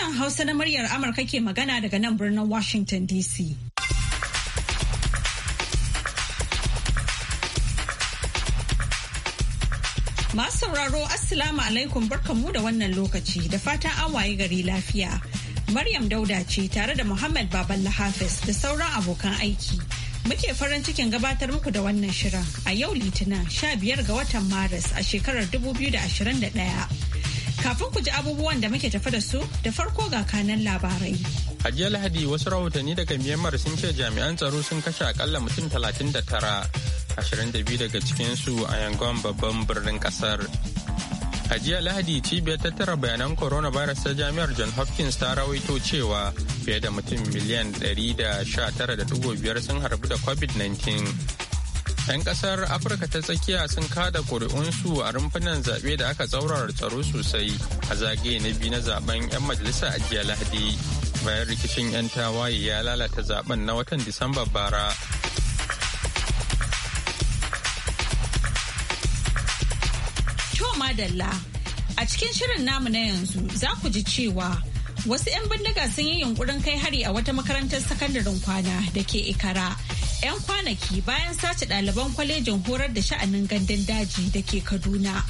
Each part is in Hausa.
Sashen Hausa na muryar Amurka ke magana daga nan birnin Washington DC. Masu sauraro Assalamu alaikum barkanmu da wannan lokaci da fatan an waye gari lafiya. Maryam Dauda ce tare da Muhammad Baballa Hafiz da sauran abokan aiki. Muke farin cikin gabatar muku da wannan shirin a yau Litinin 15 ga watan Maris a shekarar 2021. Kafin ku ji abubuwan da muke tafi da su da farko ga kanan labarai. Hajiya Lahadi wasu rahotanni daga Myanmar sun ce jami'an tsaro sun kashe akalla mutum 39, 22 daga cikinsu a Yangon babban birnin kasar. Hajiya Lahadi cibiyar tattara bayanan coronavirus ta jami'ar John Hopkins ta rawaito cewa fiye da mutum miliyan 119.5 sun harbi da COVID-19. 'Yan kasar Afirka ta tsakiya sun kada su a rumfunan zaɓe da aka tsaurara tsaro sosai a zagaye na biyu na zaben 'yan majalisa a jiya Lahadi. Bayan rikicin 'yan tawaye ya lalata zaben na watan Disamba bara. madalla a cikin shirin namu na yanzu za ku ji cewa wasu 'yan bindiga sun yi yunkurin kai hari a wata makarantar sakandaren kwana da ke ikara 'yan kwanaki bayan sace ɗaliban kwalejin horar da sha'anin gandun daji da ke kaduna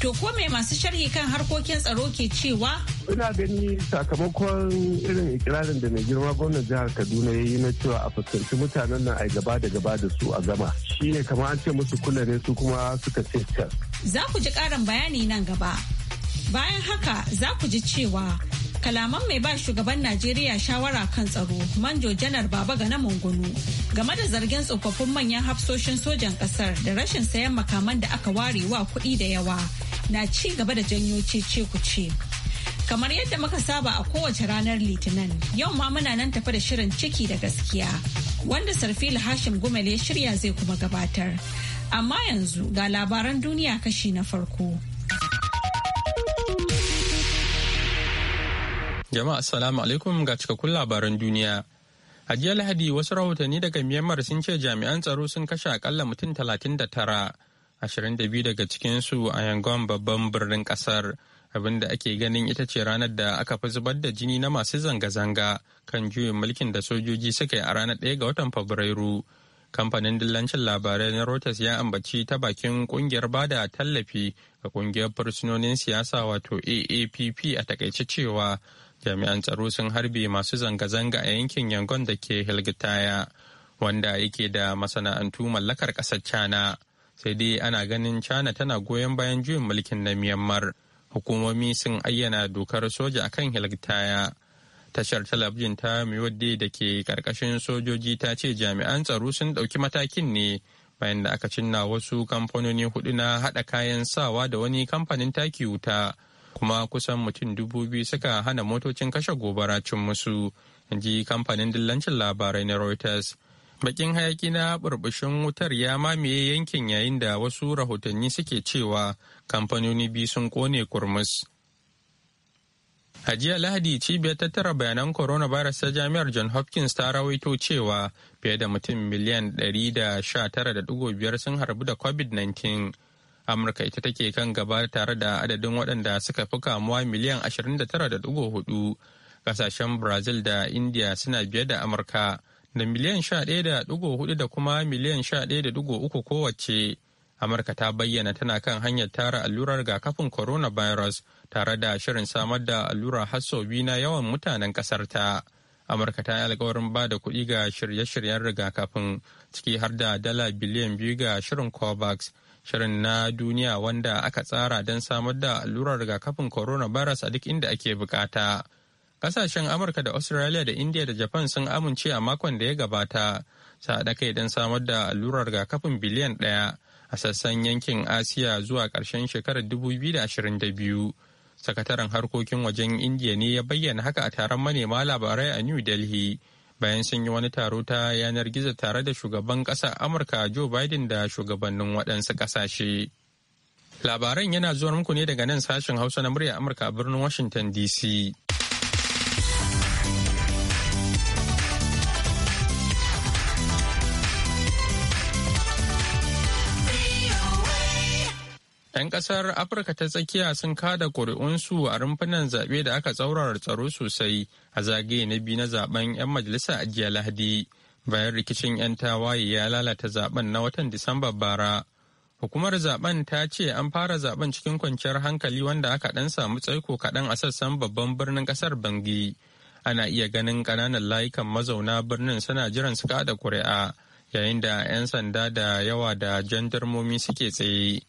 to ko mai masu sharhi kan harkokin tsaro ke cewa ina gani sakamakon irin ikirarin da mai girma gwamnan jihar kaduna ya yi na cewa a fuskanci mutanen nan a gaba da gaba da su a gama shine kamar an ce musu kula ne su kuma suka ce za ku ji karin bayani nan gaba bayan haka za ku ji cewa kalaman mai ba shugaban Najeriya shawara kan tsaro manjo janar baba ga na mungunu game da zargin tsofaffin manyan hafsoshin sojan kasar da rashin sayan makaman da aka ware wa kuɗi da yawa na ci gaba da janyo cece ku ce. Kamar yadda muka saba a kowace ranar litinin yau ma muna nan tafi da shirin ciki da gaskiya wanda sarfil hashim gumel ya shirya zai kuma gabatar. Amma yanzu ga labaran duniya kashi na farko. Jama'a assalamu alaikum ga cikakkun labaran duniya. A jiya Lahadi wasu rahotanni daga Myanmar sun ce jami'an tsaro sun kashe akalla mutum 39, 22 daga cikinsu a Yangon babban birnin kasar. da ake ganin ita ce ranar da aka fi zubar da jini na masu zanga-zanga kan juyin mulkin da sojoji suka yi a ranar ɗaya ga watan Fabrairu. Kamfanin dillancin labarai na Reuters ya ambaci ta bakin kungiyar bada tallafi ga kungiyar fursunonin siyasa wato AAPP a takaice cewa jami'an tsaro sun harbe masu zanga-zanga a yankin yangon da ke hilgitaya wanda yake da masana'antu mallakar ƙasar cana sai dai ana ganin cana tana goyon bayan juyin mulkin na myanmar hukumomi sun ayyana dokar soja a kan hilgitaya tashar talabijin ta miwadde da ke karkashin sojoji ta ce jami'an tsaro sun ɗauki matakin ne bayan da aka cinna wasu kamfanoni hudu na haɗa kayan sawa da wani kamfanin taki wuta kuma kusan mutum dubu biyu suka hana motocin kashe gobara cin musu ji kamfanin dillancin labarai na reuters bakin hayaki na burbushin wutar ya mamaye yankin yayin da wasu rahotanni suke cewa kamfanoni biyu sun kone kurmus a jiya lahadi cibiyar tattara bayanan coronavirus ta jami'ar john hopkins ta rawaito cewa fiye da mutum miliyan 119.5 sun harbu da covid-19 amurka ita take kan gaba tare da adadin waɗanda suka fi kamuwa miliyan 29.4 kasashen brazil da india suna biye da amurka da miliyan 11.4 da kuma miliyan 11.3 kowace amurka ta bayyana tana kan hanyar tara allurar rigakafin coronavirus tare da shirin samar da allura har na yawan mutanen kasar ta amurka ta yi alkawarin ba da kuɗi ga shirye-shiryen rigakafin ciki har da dala biliyan biyu ga shirin covax shirin na duniya wanda aka tsara don samar da allurar rigakafin coronavirus a duk inda ake bukata. Kasashen Amurka da Australia da India da Japan sun amince a makon da ya gabata su haɗa kai don samar da allurar rigakafin biliyan ɗaya a sassan yankin Asiya zuwa ƙarshen shekarar 2022. Sakataren harkokin wajen indiya ne ya bayyana haka a taron manema labarai a New Delhi. bayan sun yi wani taro ta yanar gizo tare da shugaban ƙasa amurka joe biden da shugabannin waɗansu ƙasashe labaran yana zuwa muku ne daga nan sashen hausa na murya amurka a birnin washington dc 'Yan kasar Afirka ta tsakiya sun kada ƙuri'unsu a rumfunan zaɓe da aka tsaurara tsaro sosai a zagaye na biyu na zaben 'yan majalisa a jiya Lahadi. Bayan rikicin 'yan tawaye ya lalata zaben na watan Disamba bara. Hukumar zaben ta ce an fara zaben cikin kwanciyar hankali wanda aka ɗan samu tsaiko kaɗan a sassan babban birnin kasar Bangi. Ana iya ganin ƙananan layukan mazauna birnin suna jiran su kada ƙuri'a yayin da 'yan sanda da yawa da jandarmomi suke tsaye.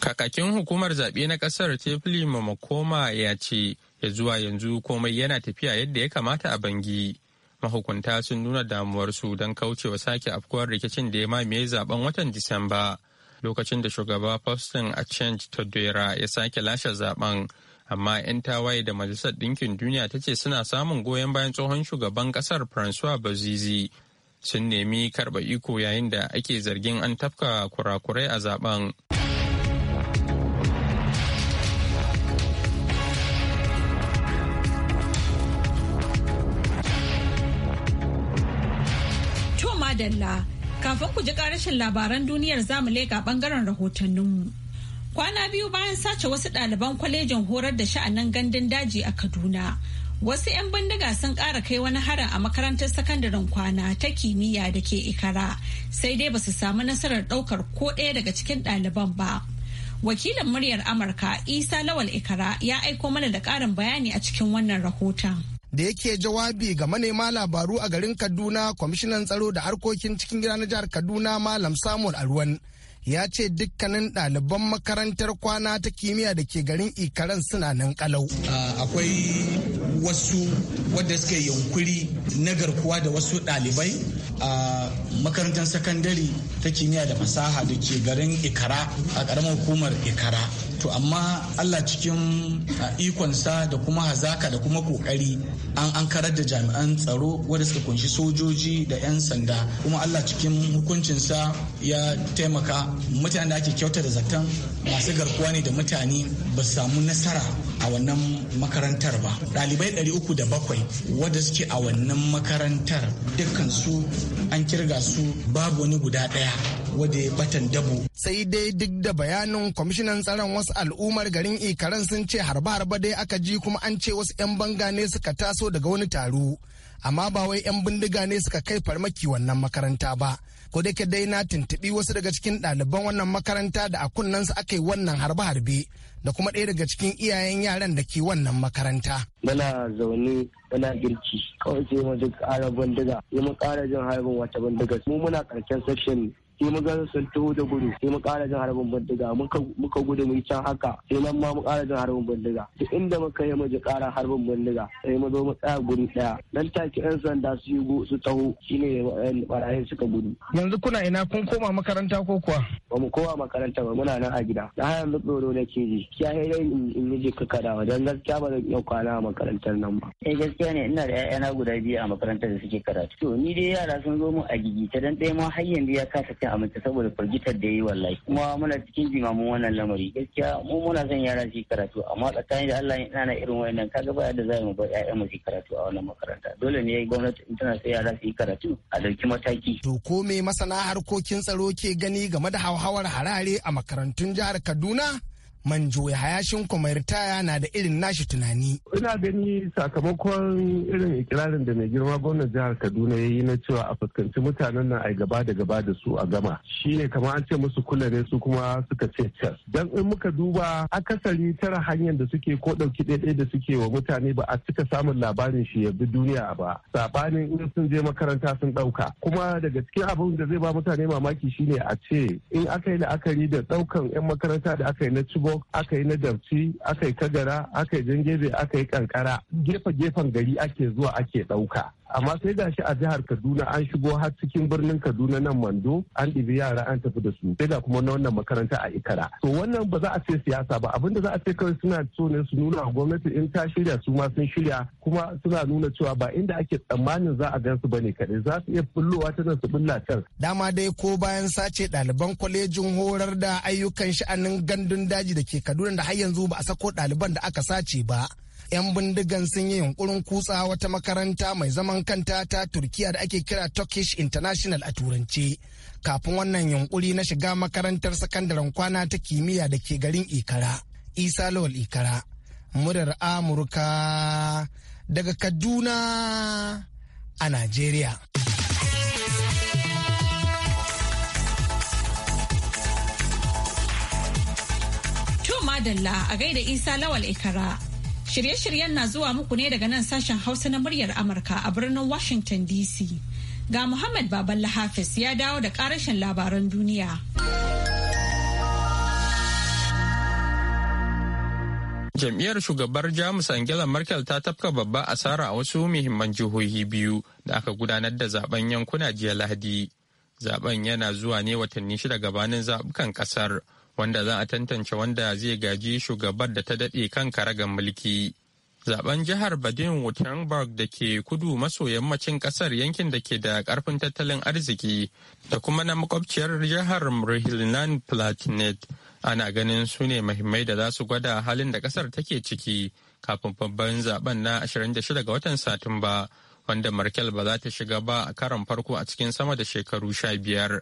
Kakakin hukumar zaɓe na ƙasar Tefli Mamakoma ya ce, ya zuwa yanzu komai yana tafiya yadda ya kamata a bangi. Mahukunta sun nuna damuwarsu don kaucewa sake afkuwar rikicin da ya mamaye zaben watan Disamba. Lokacin da shugaba Faustin Achange Todera ya sake lashe zaben, amma 'yan tawaye da Majalisar Ɗinkin Duniya ta ce suna samun goyon bayan tsohon shugaban ƙasar Francois Bozizi. Sun nemi karɓa iko yayin da ake zargin an tafka kurakurai a zaben. madalla. Kafin ku ji karashin labaran duniyar zamu leƙa bangaren rahotanninmu. Kwana biyu bayan sace wasu ɗaliban kwalejin horar da sha'anin gandun daji a Kaduna. Wasu 'yan bindiga sun ƙara kai wani harin a makarantar sakandaren kwana ta kimiyya da ke Ikara, sai dai basu samu nasarar ɗaukar ko ɗaya daga cikin ɗaliban ba. Wakilin muryar Amurka Isa Lawal Ikara ya aiko mana da ƙarin bayani a cikin wannan rahoton. da yake jawabi ga manema labaru a garin kaduna kwamishinan tsaro da harkokin cikin gida na jihar kaduna malam samuel alwan ya ce dukkanin ɗaliban makarantar kwana ta kimiyya da ke garin ikaran suna nan kalau akwai wasu wadda suka yankuri na garkuwa da wasu ɗalibai a makarantar sakandare ta kimiyya da fasaha da ke garin ikara a ƙaramar hukumar ikara to amma allah cikin ikonsa da kuma hazaka da kuma kokari an an karar da jami'an tsaro wanda suka kunshi sojoji da 'yan sanda kuma allah cikin hukuncinsa ya taimaka mutane da ake kyauta da zaton masu garkuwa ne da mutane ba su samu nasara a wannan makarantar ba ɗalibai ɗari uku 307 wadda suke a wannan makarantar dukkan su an kirga su babu wani guda ɗaya wadda ya batan dabo. Sai dai duk da bayanin kwamishinan tsaron wasu al'ummar garin Ikaran sun ce harba-harba dai aka ji kuma an ce wasu 'yan banga ne suka taso daga wani taro. Amma ba wai 'yan bindiga ne suka kai farmaki wannan makaranta ba. Ko da dai na tuntuɓi wasu daga cikin ɗaliban wannan makaranta da a kunnensu aka yi wannan harbe-harbe da kuma ɗaya daga cikin iyayen yaran da ke wannan makaranta. Muna zaune muna girki kawai sai mu duk ƙara bindiga mu ƙara jin harbin wata bindiga mu muna ƙarshen section sai mu ga sun taho da gudu sai mu ƙara jin harbin bindiga muka gudu mu can haka sai nan ma mu ƙara jin harbin bindiga duk inda muka yi mu ji ƙara harbin bindiga sai mu zo mu tsaya guri ɗaya nan take 'yan sanda su yi su taho shine barayin suka gudu. Yanzu kuna ina kun koma makaranta ko kuwa? Ba mu koma makaranta ba muna nan a gida. Da har yanzu tsoro na ke ji. Ya yi dai in yi jika kada wa don gaskiya ba zan iya kwana a makarantar nan ba. Eh gaskiya ne ina da ƴaƴana guda biyu a makarantar da suke karatu. To ni dai yara sun zo mu a gigi ta dan ɗaya ma har yanzu ya kasa ta a mace saboda firgitar da yi wallahi kuma muna cikin jimamin wannan lamari gaskiya mu muna son yara su karatu amma tsakanin da Allah ina na irin wayannan kaga ba yadda za mu bar ƴaƴan mu su karatu a wannan makaranta dole ne gwamnati in tana son yara su yi karatu a dauki mataki to ko me masana harkokin tsaro ke gani game da hauhawar harare a makarantun jihar Kaduna manjo hayashin kuma ritaya na da irin nashi tunani. Ina gani sakamakon irin ikirarin da mai girma gwamnan jihar Kaduna ya yi na cewa a fuskanci mutanen nan a gaba da gaba da su a gama. Shi ne kamar an ce musu kula ne su kuma suka ce cas. Dan in muka duba akasari tara hanyar da suke ko ɗauki ɗaiɗai da suke wa mutane ba a cika samun labarin shi ya bi duniya ba. Sabanin in sun je makaranta sun ɗauka. Kuma daga cikin abin da zai ba mutane mamaki shine a ce in aka yi la'akari da ɗaukan 'yan makaranta da aka yi na cibo zango aka yi na dabci aka yi kagara aka yi jangebe aka yi kankara gefe gefen gari ake zuwa ake ɗauka amma sai ga shi a jihar kaduna an shigo har cikin birnin kaduna nan mando an ɗibi yara an tafi da su sai ga kuma na wannan makaranta a ikara to wannan ba za a ce siyasa ba abin da za a ce kawai suna so ne su nuna wa gwamnati in ta shirya su ma sun shirya kuma suna nuna cewa ba inda ake tsammanin za a gan su bane kaɗai za su iya bullowa ta nan su bulla can. dama dai ko bayan sace ɗaliban kwalejin horar da ayyukan sha'anin gandun daji da ke kaduna da har yanzu ba a sako ɗaliban da aka sace ba 'yan bindigan sun yi yunkurin kutsa wata makaranta mai zaman kanta ta turkiya da ake kira turkish international a turance kafin wannan yunkuri na shiga makarantar sakandaren kwana ta kimiyya da ke garin ikara isa lawal ikara murar amurka daga kaduna a najeriya madalla a gaida isa lawal ikara Shirye-shiryen na zuwa muku ne daga nan sashen Hausa na muryar Amurka a birnin Washington DC. Ga Muhammad Baballa Hafiz ya dawo da karashin labaran duniya. Jam'iyyar shugabar Jamus Angela Merkel ta tafka babba asara a wasu muhimman jihohi biyu da aka gudanar da zaben yankuna jiya Lahadi. Zaben yana zuwa ne watanni shida gabanin zaɓukan ƙasar. kasar. wanda za a tantance wanda zai gaji shugabar da ta daɗe kan karagar mulki. Zaben jihar badin württemberg da ke kudu maso yammacin ƙasar yankin da ke da ƙarfin tattalin arziki da kuma na makwabciyar jihar Rhineland platinet ana ganin su ne mahimmai da za su gwada halin da ƙasar take ciki kafin babban zaben na 26 ga watan Satumba wanda Merkel ba za ta shiga ba a karon farko a cikin sama da shekaru sha biyar.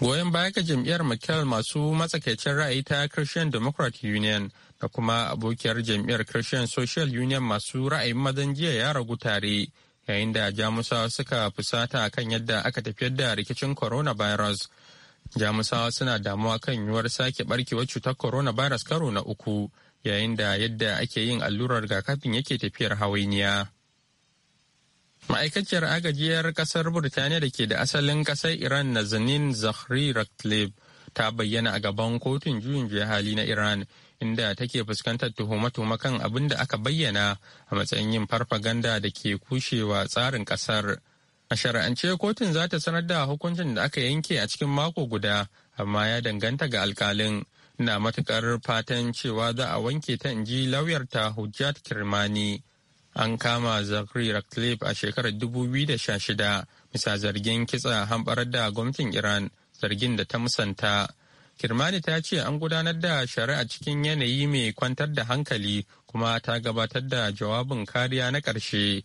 Goyon baya ga jam'iyyar Mikel masu matsakaicin ra'ayi ta Christian Democrat Union da kuma abokiyar jam'iyyar Christian Social Union masu ra'ayin mazan jiya ya ragu tare yayin da Jamusawa suka fusata kan yadda aka tafiyar da rikicin coronavirus. Jamusawa suna damuwa kan yiwuwar sake barkewar cutar coronavirus karo na uku yayin da yadda ake yin allurar rigakafin yake tafiyar hawainiya. Ma'aikaciyar agajiyar kasar Burtaniya da ke da asalin kasar Iran na zanin Zakhri Ratcliffe ta bayyana a gaban kotun juyin juya hali na Iran inda take fuskantar tuhume-tuhume kan abin da aka bayyana a matsayin yin farfaganda da ke kushewa tsarin kasar. A shari'ance kotun za ta sanar da hukuncin da aka yanke a cikin mako guda amma ya danganta ga alkalin. Na matukar fatan cewa za a wanke ta in inji lauyarta Hujjat Kirmani. an kama zakri ratcliffe a shekarar 2016 bisa zargin kitsa hamɓarar da gwamnatin iran zargin da ta musanta kirmani ta ce an gudanar da shari'a cikin yanayi mai kwantar da hankali kuma ta gabatar da jawabin kariya na ƙarshe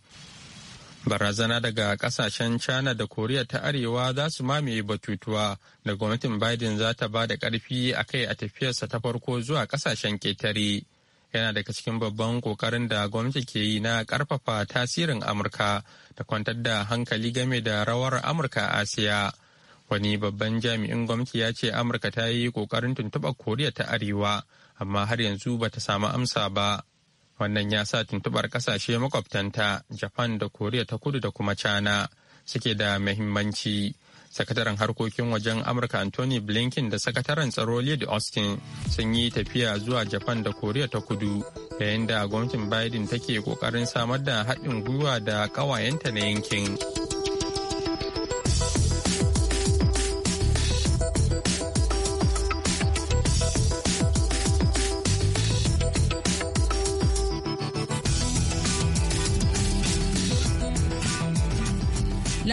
barazana daga kasashen china da koriya ta arewa za su mamaye batutuwa da gwamnatin biden za ta ba da ƙarfi a kai a tafiyarsa ta farko zuwa kasashen ƙetare. yana daga cikin babban kokarin da gwamnati ke yi na karfafa tasirin amurka da kwantar da hankali game da rawar amurka a asiya wani babban jami'in gwamnati ya ce amurka ta yi kokarin tuntuɓar koriya ta arewa amma har yanzu ba ta samu amsa ba wannan ya sa tuntuɓar ƙasashe makwabtanta japan da koriya ta kudu da kuma china suke da muhimmanci sakataren harkokin wajen amurka anthony blinken da sakataren tsaro lloyd austin sun yi tafiya zuwa japan da koriya ta kudu yayin da gwamnatin biden take kokarin samar da haɗin gwiwa da ƙawayenta na yankin.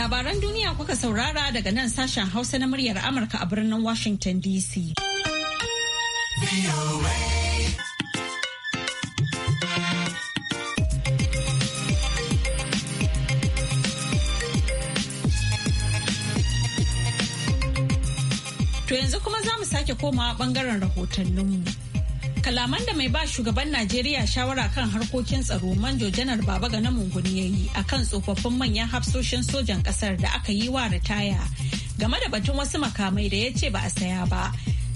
Labaran duniya kuka saurara daga nan sashen Hausa na muryar Amurka a birnin Washington DC. To yanzu kuma za mu sake komawa bangaren rahotanninmu. kalaman da mai ba shugaban Najeriya shawara kan harkokin tsaro manjo janar baba ga namun ya yi a kan tsofaffin manyan hafsoshin sojan kasar da aka yi wa ritaya game da batun wasu makamai da ya ce ba a saya ba.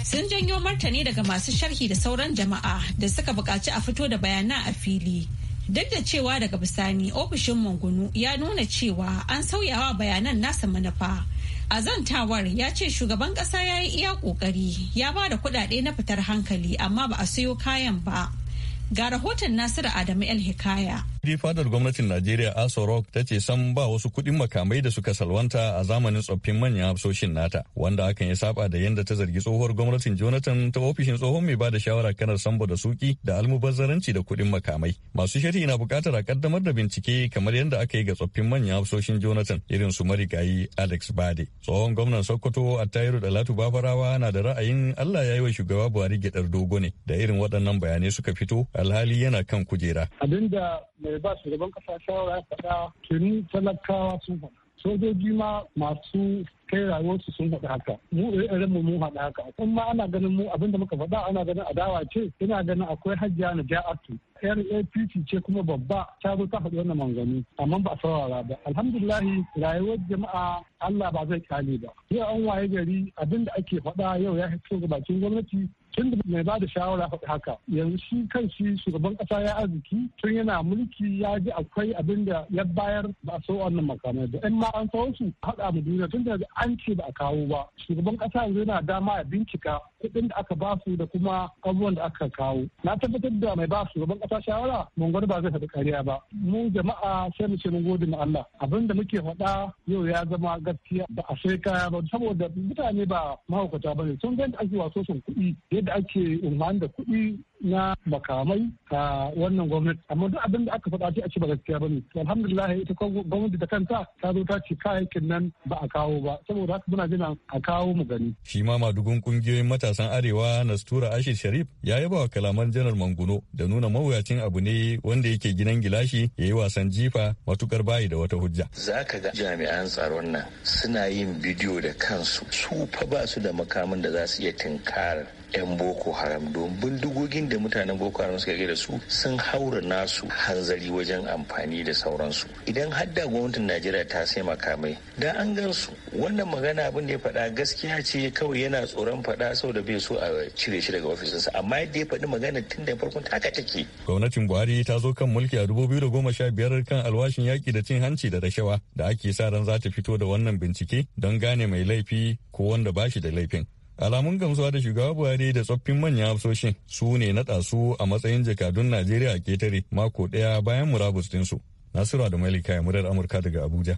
Sun janyo martani daga masu sharhi da sauran jama'a da suka buƙaci a fito da bayanan a fili. Duk da cewa daga bisani ofishin mungunu ya nuna cewa an sauyawa bayanan nasa manufa. a zantawar ya ce shugaban kasa ya yi iya kokari ya ba da kudade na fitar hankali amma ba a sayo kayan ba ga rahoton nasiru adamu el hikaya Ji fadar gwamnatin Najeriya Aso Rock ta ce san ba wasu kuɗin makamai da suka salwanta a zamanin tsoffin manyan hafsoshin nata, wanda hakan ya saba da yadda ta zargi tsohuwar gwamnatin Jonathan ta ofishin tsohon mai ba da shawara kanar Sambo da Suki da almubazzaranci da kuɗin makamai. Masu sharhi na buƙatar a kaddamar da bincike kamar yadda aka yi ga tsoffin manyan hafsoshin Jonathan irin su marigayi Alex Bade. Tsohon gwamnan Sokoto Attahiru Dalatu Babarawa na da ra'ayin Allah ya yi wa shugaba Buhari gyaɗar dogo ne da irin waɗannan bayanai suka fito alhali yana kan kujera. Abinda mai ba shugaban kasa shawara ya faɗa tuni talakawa sun faɗa sojoji ma masu kai rayuwarsu sun faɗi haka mu ire mu mun faɗi haka kun ma ana ganin mu abinda muka faɗa ana ganin a dawa ce ina ganin akwai hajjiya na ja'atu yar APC ce kuma babba ta zo ta faɗi wannan mangani amma ba a saurara ba alhamdulillahi rayuwar jama'a Allah ba zai kyale ba yau an waye gari abinda ake faɗa yau ya fito ga bakin gwamnati tun da mai ba da shawara faɗi haka yanzu shi kan shi shugaban ƙasa ya arziki tun yana mulki ya ji akwai abin da ya bayar ba so wannan makamai da in ma an kawo su haɗa mu duniya tun da an ce ba a kawo ba shugaban kasa yanzu yana dama ya bincika kuɗin da aka basu da kuma abubuwan da aka kawo na tabbatar da mai ba shugaban ƙasa shawara mun gwada ba zai faɗi kariya ba mu jama'a sai mu ce mun gode ma Allah abin da muke faɗa yau ya zama gaskiya ba a sai kaya ba saboda mutane ba mahaukata ba ne sun ga ake waso sun kuɗi yadda ake umarni da kuɗi na makamai a wannan gwamnati amma duk abin da aka faɗa ce a ce ba gaskiya ne alhamdulillah ita gwamnati da kanta ta zo ta ce kayayyakin nan ba a kawo ba saboda haka muna jina a kawo mu gani shi ma madugun kungiyoyin matasa matasan arewa nastura ashir sharif ya yaba wa kalaman janar manguno da nuna mawuyacin abu ne wanda yake gidan gilashi ya yi wasan jifa matukar bayi da wata hujja za ka ga jami'an tsaron nan suna yin bidiyo da kansu su fa ba su da makamin da za su iya tinkarar 'yan boko haram don bindigogin da mutanen boko haram suka da su sun haura nasu hanzari wajen amfani da sauransu idan hadda gwamnatin najeriya ta sai makamai da an gan su wannan magana abin da ya faɗa gaskiya ce kawai yana tsoron faɗa saboda bai so a cire shi daga ofisinsa amma yadda ya faɗi magana tun da farkon haka take gwamnatin buhari ta zo kan mulki a da goma sha biyar kan alwashin yaƙi da cin hanci da rashawa da ake sa ran za ta fito da wannan bincike don gane mai laifi ko wanda ba shi da laifin alamun gamsuwa da shugaba buhari da tsoffin manyan hafsoshin su ne naɗa su a matsayin jakadun najeriya a ketare mako ɗaya bayan murabus ɗinsu nasiru da malika ya murar amurka daga abuja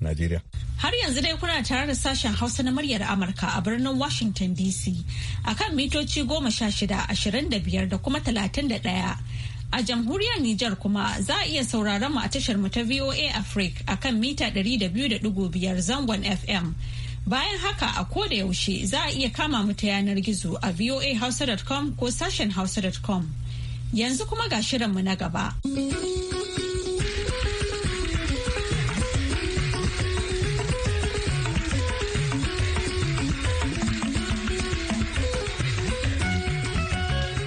najeriya har yanzu dai kuna tare da sashen hausa na muryar amurka a birnin washington dc akan mitoci goma sha shida ashirin da biyar da kuma talatin da ɗaya a jamhuriyar Nijar kuma za a iya sauraron mu a tashar mu ta VOA Africa akan mita ɗari da da biyu biyar zangon FM Bayan haka a ko da yaushe za a iya kama mu ta yanar gizo a voahausa.com ko sashen hausa.com. Yanzu kuma ga mu na gaba.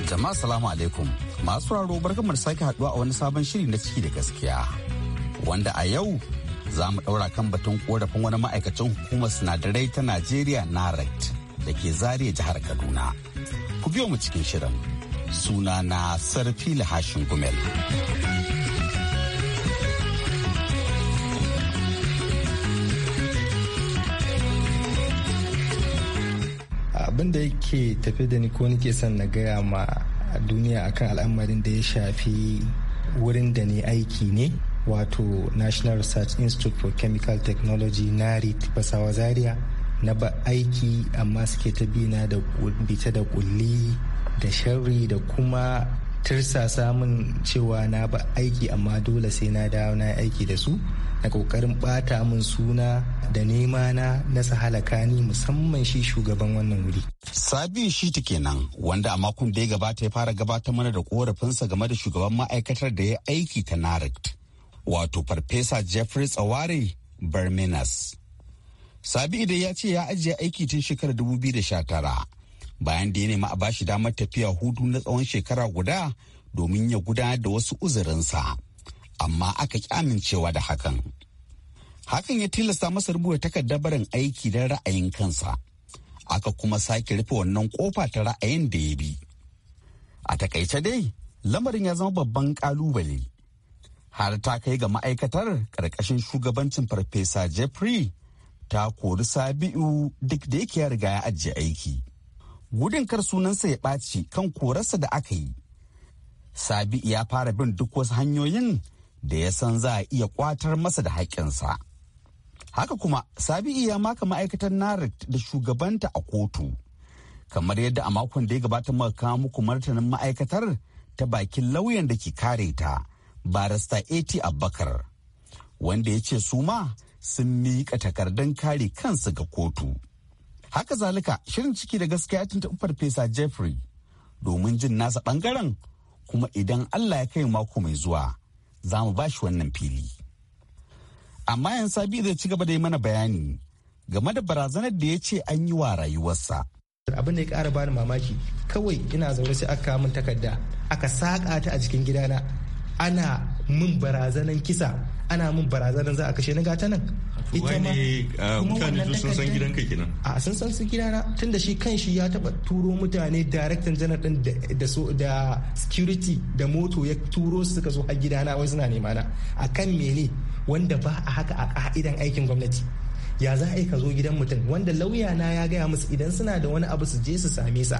Jama'a salamu alaikum. Masu raro da sake haduwa a wani sabon shiri na ciki da gaskiya. Wanda a yau za mu ɗaura kan batun korafin wani ma'aikacin hukumar sinadarai ta najeriya na naret da ke zariya jihar kaduna ku biyo mu cikin shirin suna na sarfi Lahashin gumel abin da yake tafi da ni ko nike son na gaya ma duniya akan al'amarin da ya shafi wurin da ni aiki ne wato national research institute for chemical technology narit basawa zaria na ba aiki amma suke ta bina da bita da kulli da sharri da kuma tirsa samun cewa na ba aiki amma dole sai na dawo na aiki da su na kokarin bata min suna da nema na na halaka ni musamman shi shugaban wannan wuri. Sabi Shiti kenan wanda a makon da ya gabata ya fara gabatar mana da korafinsa game da shugaban ma'aikatar da ya aiki ta narit wato farfesa jeffrey tsawari berminas sabi idan ya ce ya ajiye aiki tun shekarar 2019 bayan da ya nema a bashi damar tafiya hudu na tsawon shekara guda domin ya gudanar da wasu uzurinsa amma aka ki amincewa da hakan hakan ya tilasta masa rubuta takardar barin aiki don ra'ayin kansa aka kuma sake rufe wannan kofa ta ra'ayin da ya bi a takaice dai lamarin ya zama babban kalubale har ta kai ga ma'aikatar ƙarƙashin shugabancin farfesa jeffrey ta kori sabi'u duk da yake riga ya ajiye aiki gudun kar sunansa ya ɓaci kan korarsa da aka yi sabi'u ya fara bin duk wasu hanyoyin da ya san za a iya kwatar masa da haƙƙinsa haka kuma sabi'u ya maka ma'aikatar narik da shugabanta a kotu kamar yadda a makon da ya gabata muka kawo muku martanin ma'aikatar ta bakin lauyan da ke kare ta barista eti bakar wanda ya ce su ma sun miƙa takardun kare kansu ga kotu haka zalika shirin ciki da gaskiya tuntuɓi farfesa jeffrey domin jin nasa ɓangaren kuma idan allah ya kai mako mai zuwa za mu shi wannan fili amma yan sabi zai ci gaba da yi mana bayani game da barazanar da ya ce an yi wa rayuwarsa abin da ya ƙara bani mamaki kawai ina zaune sai aka min takarda aka saƙa ta a cikin gidana ana mun barazanan kisa ana min barazanan za a kashe na gata nan ita ma ah, mutane sun san gidan kai kenan a sun san su gidana tun da shi kan shi ya taba turo mutane director general din da da security da moto ya turo su suka zo har gidana wai suna nema na akan mene wanda ba a haka a ka'idan aikin gwamnati ya za a yi ka zo gidan mutum wanda lauya na ya gaya musu idan suna da wani abu su je su same sa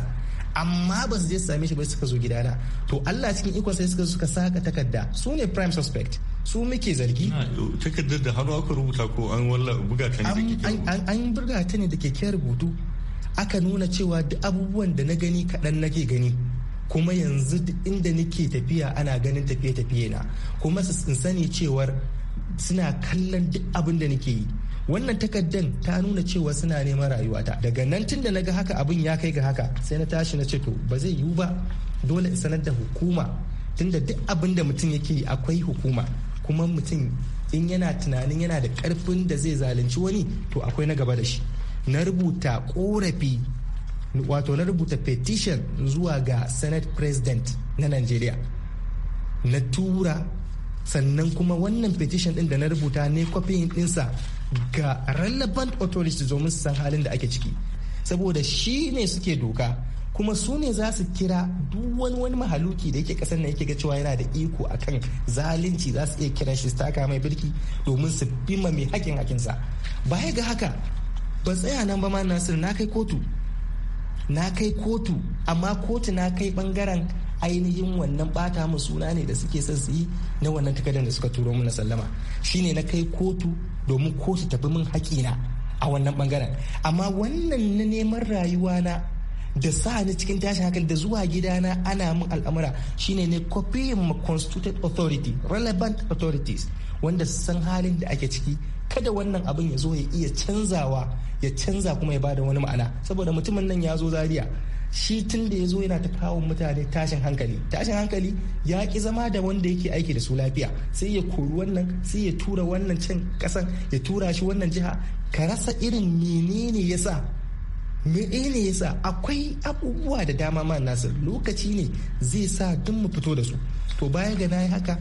amma ba su je su same shi ba suka zo gidana to Allah cikin ikon sai suka suka saka takarda su ne prime suspect su muke zargi takardar da hannu aka rubuta ko an walla buga ta ne da an buga ta ne da keken rubutu aka nuna cewa duk abubuwan da na gani kaɗan nake gani kuma yanzu inda nake tafiya ana ganin tafiye-tafiye na kuma su sani cewar suna kallon duk abin da nake yi wannan takardar ta nuna cewa suna neman rayuwata daga nan tun da naga haka abin ya kai ga haka sai na tashi na ce to ba zai yiwu ba dole in sanar da hukuma tunda duk abin da mutum yake yi akwai hukuma kuma mutum in yana tunanin yana da karfin da zai zalunci wani to akwai na gaba da shi na rubuta korafi wato na rubuta petition zuwa ga senate president na nigeria na tura sannan kuma wannan petition din da na rubuta ne kwafin dinsa ga relevant authorities domin su san halin da ake ciki saboda shi ne suke doka kuma su ne za su kira duk wani wani mahaluki da yake kasar nan yake ga cewa yana da iko a kan zalunci za su iya kira shi taka mai birki domin su ma mai hakin hakinsa baya ga haka ba tsaya nan ba ma nasir na kai kotu na kai kotu amma kotu na kai bangaren ainihin wannan bata mu suna ne da suke son su yi na wannan takardar da suka turo mu na sallama shine na kai kotu domin ko su tafi min haƙina a wannan bangaren amma wannan na neman rayuwa na da sa ni cikin tashin hankali da zuwa gidana ana min al'amura shine ne copying constituted authority relevant authorities wanda san halin da ake ciki kada wannan abin ya zo ya iya canzawa ya canza kuma ya bada wani ma'ana saboda mutumin nan ya zo zaria shi tun da ya zo yana ta kawo mutane tashin hankali tashin hankali ya ki zama da wanda yake aiki da su lafiya sai ya kori wannan sai ya tura wannan can kasan ya tura shi wannan jiha ka rasa irin menene ya sa menene ya akwai abubuwa da dama ma nasir lokaci ne zai sa duk mu fito da su to baya ga na haka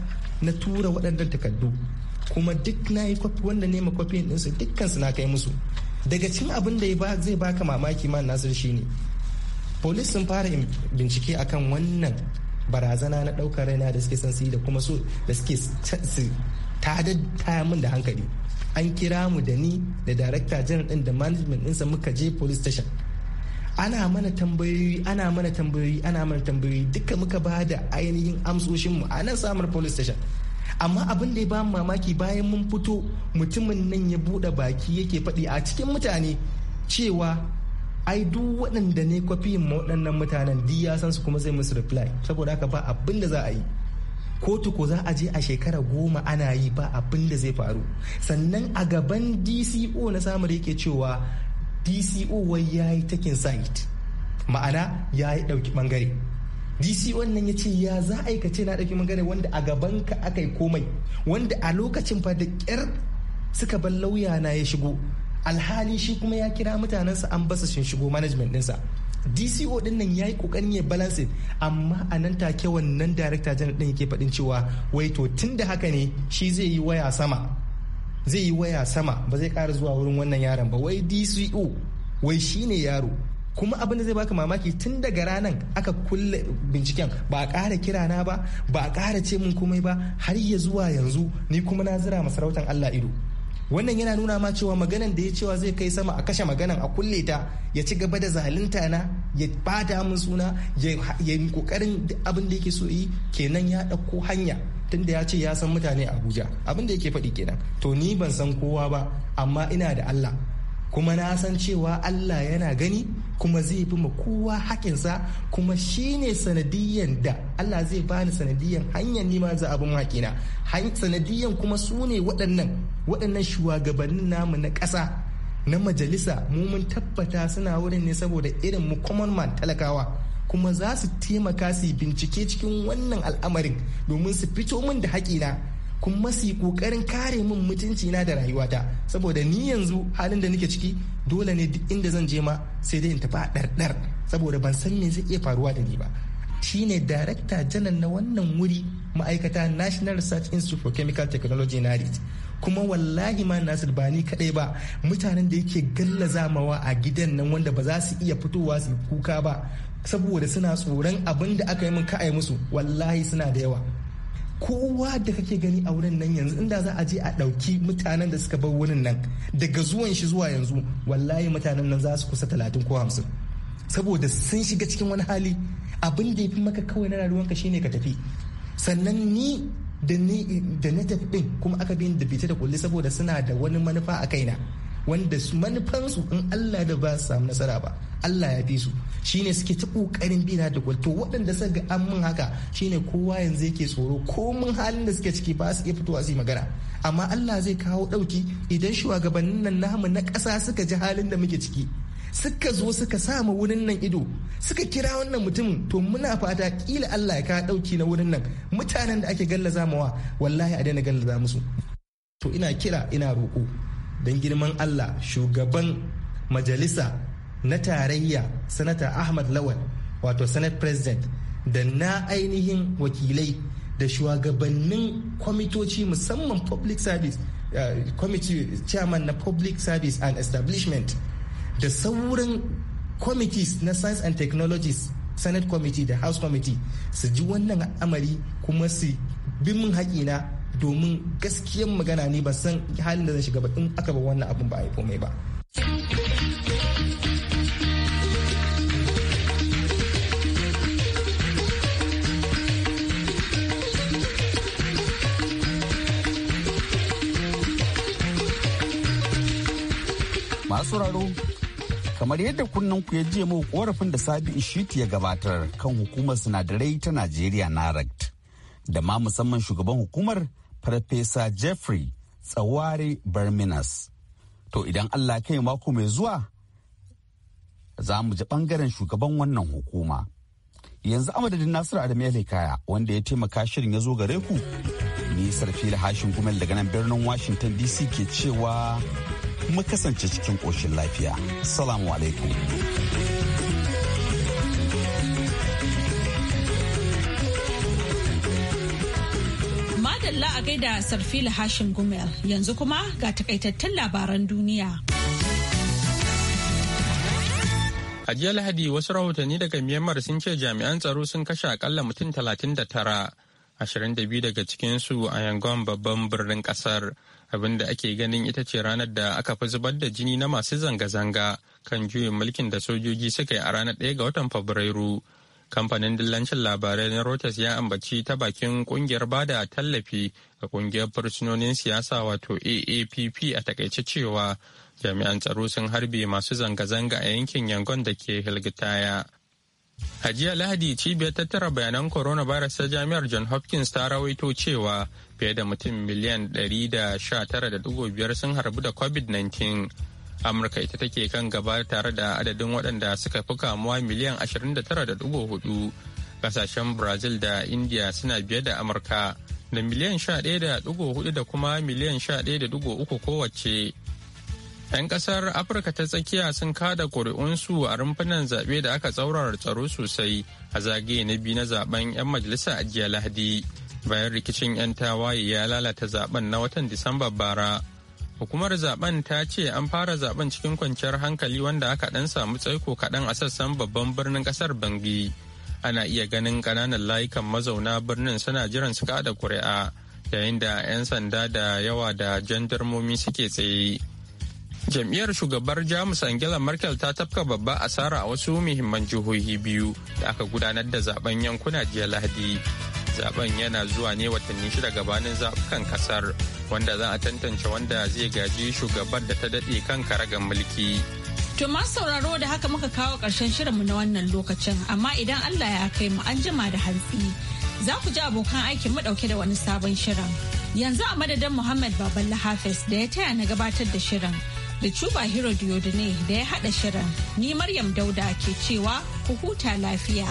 na tura waɗannan takardu kuma duk na yi kwafi wanda nema kwafi ɗinsu dukkan su na kai musu daga cin abin da zai baka mamaki ma nasir shine polis sun fara bincike akan wannan barazana na ɗaukar raina da suke san su da kuma su da suke su taya min da hankali an kira mu da ni da darakta janar din da management ɗinsa muka je police station ana mana tambayoyi ana mana tambayoyi ana mana tambayoyi duka muka ba da ainihin amsoshin mu a nan samar police station amma abin da ya ba mamaki bayan mun fito mutumin nan ya buɗe baki yake faɗi a cikin mutane cewa ai duk waɗanda ne kwafiyin waɗannan mutanen di ya san su kuma zai musu reply saboda haka ba abin da za a yi kotu ko za a je a shekara goma ana yi ba abin da zai faru sannan a gaban dco na samar yake cewa dco wai ya yi takin site ma'ana ya yi ɗauki ɓangare dco nan ya ce ya za a yi na ɗauki ɓangare wanda a gaban ka aka yi komai wanda a lokacin fa da ƙyar suka bar lauya na ya shigo alhali shi kuma ya kira mutanensa an basa sun shigo management ɗinsa dco din nan ya yi kokarin ya balance amma a nan take wannan director general din yake faɗin cewa wai to tun da haka ne shi zai yi waya sama zai yi waya sama ba zai ƙara zuwa wurin wannan yaron ba wai dco wai shi ne yaro kuma abin da zai baka mamaki tun daga ranar aka kulle binciken ba a kara kira na ba ba a ƙara ce min komai ba har ya zuwa yanzu ni kuma na zira masarautar allah ido wannan yana nuna ma cewa maganan da ya cewa zai kai sama a kashe maganan a kulle ta ya ci gaba da zalunta na ya bata min suna ya yi kokarin abin da yake so yi kenan ya ɗauko hanya tunda ya ce ya san mutane a abuja abin da yake faɗi kenan to ni ban san kowa ba amma ina da allah kuma na san cewa allah yana gani kuma zai bi ma kowa hakinsa kuma shine sanadiyan da Allah zai bani sanadiyan hanyar nima za abin na sanadiyan kuma su ne waɗannan waɗannan shugabannin namu na ƙasa na majalisa mu mun tabbata suna wurin ne saboda irin mu common man talakawa kuma za su taimaka su bincike cikin wannan al'amarin domin su fito min da haƙina kuma su yi ƙoƙarin kare min mutunci na da rayuwata saboda ni yanzu halin da nake ciki dole ne duk inda zan je ma sai dai in tafi a ɗarɗar saboda ban san me zai iya faruwa da ni ba shine darakta janar na wannan wuri ma'aikata national research institute for chemical technology narit kuma wallahi ma nasir ba ni kadai ba mutanen da yake gallazamawa a gidan nan wanda ba za su iya fitowa su kuka ba saboda suna tsoron abin da aka yi min ka'ai musu wallahi suna da yawa kowa da kake gani a wurin nan yanzu inda za a je a ɗauki mutanen da suka bar wurin nan daga zuwan shi zuwa yanzu wallahi mutanen nan za su kusa talatin ko hamsin saboda sun shiga cikin wani hali abin da ya fi maka kawai na rayuwanka shine ka tafi sannan ni da na tafi ɗin kuma aka bin da fita da kulle saboda suna da wani manufa a kaina wanda manufansu in Allah da ba su samu nasara ba Allah ya fi su ne suke ta kokarin bina da gwal to waɗanda suka ga an mun haka shine kowa yanzu yake tsoro ko mun halin da suke ciki ba su iya fitowa su yi magana amma Allah zai kawo ɗauki idan shugabannin nan namu na ƙasa suka ji halin da muke ciki suka zo suka sama wurin nan ido suka kira wannan mutumin to muna fata kila Allah ya ka dauki na wurin nan mutanen da ake gallaza mawa wallahi a daina gallaza musu to ina kira ina roƙo don girman Allah shugaban majalisa na tarayya sanata Ahmad Lawal wato senate president da na ainihin wakilai da shugabannin kwamitoci musamman public service uh, committee chairman na public service and establishment da sauran committees na science and technologies senate committee da house committee su ji wannan amari kuma su bi min na domin gaskiyan magana ne ba san halin da zan shiga ba in aka ba wannan abin ba a yi komai ba. Masu raro. kamar yadda kunnen ku ya je mu korafin da sabi ishiti ya gabatar kan hukumar sinadarai ta najeriya narakt da ma musamman shugaban hukumar farfesa jeffrey tsaware barminas to idan allah kai mako mai zuwa za mu ji bangaren shugaban wannan hukuma yanzu amadadin nasiru adam ya kaya wanda ya taimaka shirin ya zo gare ku ni sarfila hashin gumel daga nan birnin washington dc ke cewa mu kasance cikin ƙoshin lafiya. Salamu alaikum. Madalla a gaida Sarfila Hashim Gumel yanzu kuma ga takaitattun labaran duniya. A jiya Lahadi wasu rahotanni daga Myanmar sun ce jami'an tsaro sun kashe akalla mutum 39, 22 daga cikinsu a Yangon babban birnin kasar abin da ake ganin ita ce ranar da aka fi zubar da jini na masu zanga-zanga kan juyin mulkin da sojoji suka yi a ranar 1 ga watan Fabrairu. Kamfanin dillancin labarai na Reuters ya ambaci ta bakin kungiyar bada tallafi ga kungiyar fursunonin siyasa wato AAPP a takaice cewa jami'an tsaro sun harbe masu zanga-zanga a yankin Yangon da ke Hilgitaya. A jiya Lahadi cibiyar tattara bayanan coronavirus ta jami'ar John Hopkins ta rawaito cewa fiye da mutum miliyan 119.5 sun harbu da covid-19 amurka ita take kan gaba tare da adadin waɗanda suka fi kamuwa miliyan 29.4 kasashen brazil da india suna biye da amurka da miliyan 11.4 da kuma miliyan 11.3 kowace 'yan kasar afirka ta tsakiya sun kada ƙuri'unsu a rumfunan zaɓe da aka tsaurara tsaro sosai a zagaye na biyu na zaben 'yan majalisa a jiya lahadi bayan rikicin 'yan tawaye ya lalata zaben na watan Disamba bara. Hukumar zaben ta ce an fara zaben cikin kwanciyar hankali wanda aka ɗan samu tsaiko kaɗan a sassan babban birnin ƙasar Bangi. Ana iya ganin ƙananan layukan mazauna birnin suna jiran su kaɗa kuri'a yayin da 'yan sanda da yawa da jandarmomi suke tsaye. jam'iyyar shugabar jamus angela merkel ta tafka babba asara a wasu muhimman jihohi biyu da aka gudanar da zaben yankuna jiya lahadi zaben yana zuwa ne watanni shida gabanin zaɓukan kasar wanda za a tantance wanda zai gaji shugaban da ta daɗe kan karagan mulki. To masu sauraro da haka muka kawo ƙarshen shirinmu na wannan lokacin amma idan Allah ya kai mu an jima da hantsi za ku ji abokan aikin mu ɗauke da wani sabon shirin. Yanzu a madadin Muhammad Baballa Hafiz da ya taya na gabatar da shirin da Cuba Hero Diodune da ya haɗa shirin ni Maryam Dauda ke cewa ku huta lafiya.